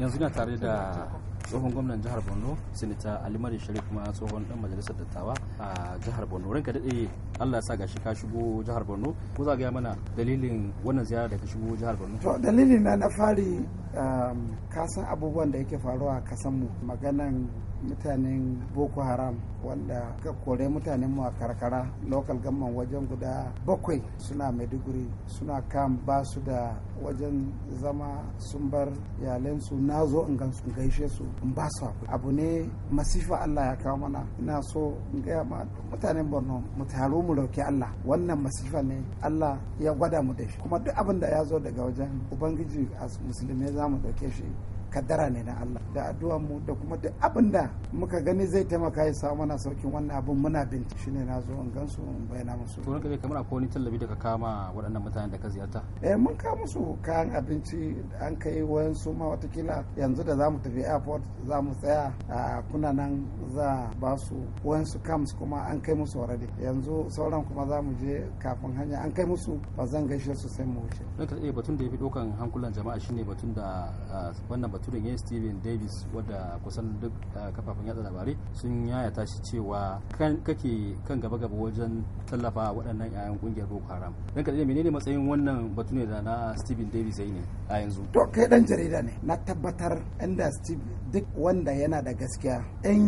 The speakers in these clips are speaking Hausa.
yanzu na tare da tsohon gwamnan jihar borno sinita alimari sharif kuma tsohon dan majalisar dattawa a jihar borno ranka daɗe allah ya sa gashi ka shigo jihar borno ko za ga mana dalilin wannan ziyara da ka shigo jihar borno to dalilin na na fari um, ka san abubuwan da yake faruwa a kasan mu maganan mutanen boko haram wanda ka kore mutanen mu a karkara local gamman wajen guda bakwai suna maiduguri suna kan ba su da wajen zama sun bar yalensu na zo in gaishe su in ba su abu ne masifa Allah ya kawo mana ina so in gaya ma mutanen Borno mu taro mu roki Allah wannan masifa ne Allah ya gwada mu da shi kuma duk abin da ya zo daga wajen ubangiji a musulmai za mu dauke shi kaddara ne na Allah da addu'an mu da kuma duk abin da muka gani zai taimaka ya samu mana saukin wannan abin muna bincike shine na zo in gansu in bayyana musu to ne kamar akwai wani tallafi da ka kama waɗannan mutanen da ka ziyarta eh mun kawo musu kayan abinci an kai wayan su ma watakila yanzu da zamu tafi airport za mu tsaya a kuna nan za ba su wayan su camps kuma an kai musu already yanzu sauran kuma za je kafin hanya an kai musu ba zan gaishe su sai mu wuce. Eh, batun da ya fi dokan hankulan jama'a shine batun da ah, wannan baturen ya steven davis wadda kusan duk ah, kafafen yatsa labarai sun yaya tashi cewa kake kan gaba gaba wajen tallafa waɗannan yayan kungiyar boko haram don kaɗai menene matsayin wannan batu da na steven davis ya yi ne a yanzu to kai dan jarida ne na tabbatar inda steve duk wanda yana da gaskiya in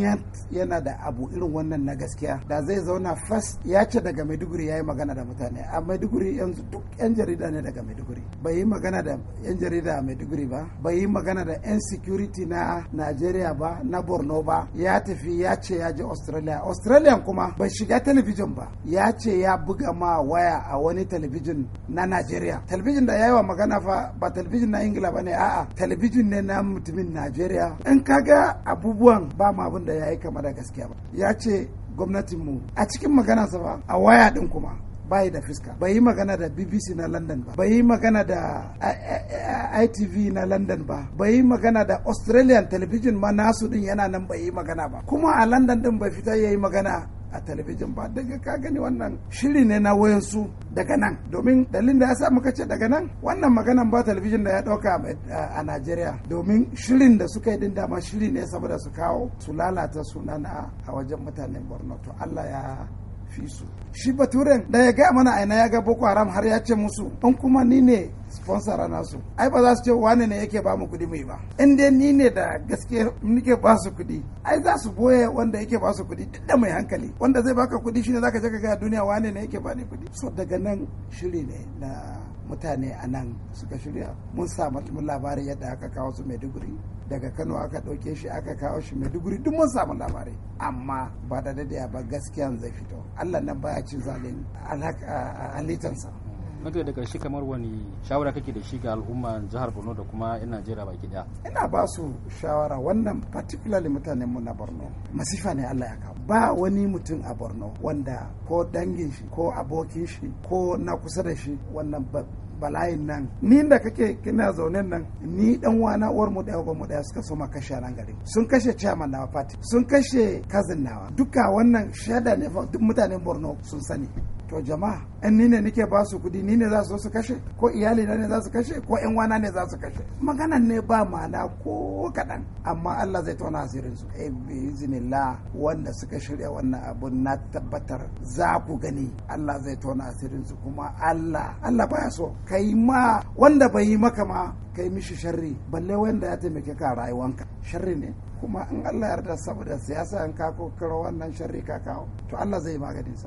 yana da abu irin wannan na gaskiya da zai zauna fas ya ce daga maiduguri ya yi magana da mutane a maiduguri yanzu duk yan jarida ne daga maiduguri bai yi magana da yan jarida a maiduguri ba bai yi magana da 'yan security na nigeria ba na Borno ba ya tafi ya ce ya je Australia Australian kuma bai shiga television ba ya ce ya buga ma waya a wani television na nigeria television da ya yi wa magana fa ba television na Ingila ba ne a'a television ne na mutumin Najeriya in kaga abubuwan ba ma abin da ya yi kama da gaskiya ba ya ce gwamnatinmu a cikin maganarsa ba a waya din kuma bai da fiska bai yi magana da bbc na london ba bai yi magana da itv na london ba bai yi magana da australian television ma nasu din yana nan bai yi magana ba kuma a london din bai fita ya yi magana a talabijin ba daga ka gani wannan shiri ne na wayansu daga nan domin dalilin da ya sa muka ce daga nan wannan maganan ba talabijin da ya dauka a Najeriya domin shirin da suka yi din dama shiri ne saboda su kawo su lalata sunan a wajen mutanen Borno to Allah ya fi su shi baturen da ya ga mana aina ya ga boko haram har ya ce musu an kuma ni ne sponsor nasu ai ba za su ce wane ne yake ba mu kuɗi mai ba in dai ni ne da gaske nike ba su kuɗi ai za su boye wanda yake ba su kuɗi duk da mai hankali wanda zai baka kuɗi shine zaka je ka ga duniya wane ne yake ba ni kuɗi so daga nan shiri ne na mutane a nan suka shirya mun mutum labari yadda aka kawo su maiduguri daga kano aka ɗauke shi aka kawo shi maiduguri duk mun samu labari. amma ba da daidai ba gaskiyan zai fito allah nan baya cin zalin alitansa. daga da karshe kamar wani shawara kake da shi ga al'umma jihar borno da kuma yan najeriya baki daya ina ba su shawara wannan particularly mutanen mu na borno masifa ne allah ya kawo ba wani mutum a borno wanda ko dangin shi ko abokin shi ko na kusa da shi wannan bala'in nan ni da kake kina zaune nan ni dan wana uwar mu daya mu daya suka soma ma kashe nan gari sun kashe chairman nawa party sun kashe cousin nawa duka wannan shada ne duk mutanen borno sun sani to jama'a in ni ne nake ba su kuɗi ni ne za su kashe ko iyali na ne za su kashe ko yan wana ne za su kashe maganan ne ba ma'ana ko kaɗan amma Allah zai tona asirin su eh biiznillah wanda suka shirya wannan abun na tabbatar za ku gani Allah zai tona asirin su kuma Allah Allah baya so kai ma wanda bai yi maka ma kai mishi sharri balle wanda ya taimake ka rayuwanka sharri ne kuma in Allah yarda saboda siyasa in ka kokaro wannan sharri ka kawo to Allah zai maganin sa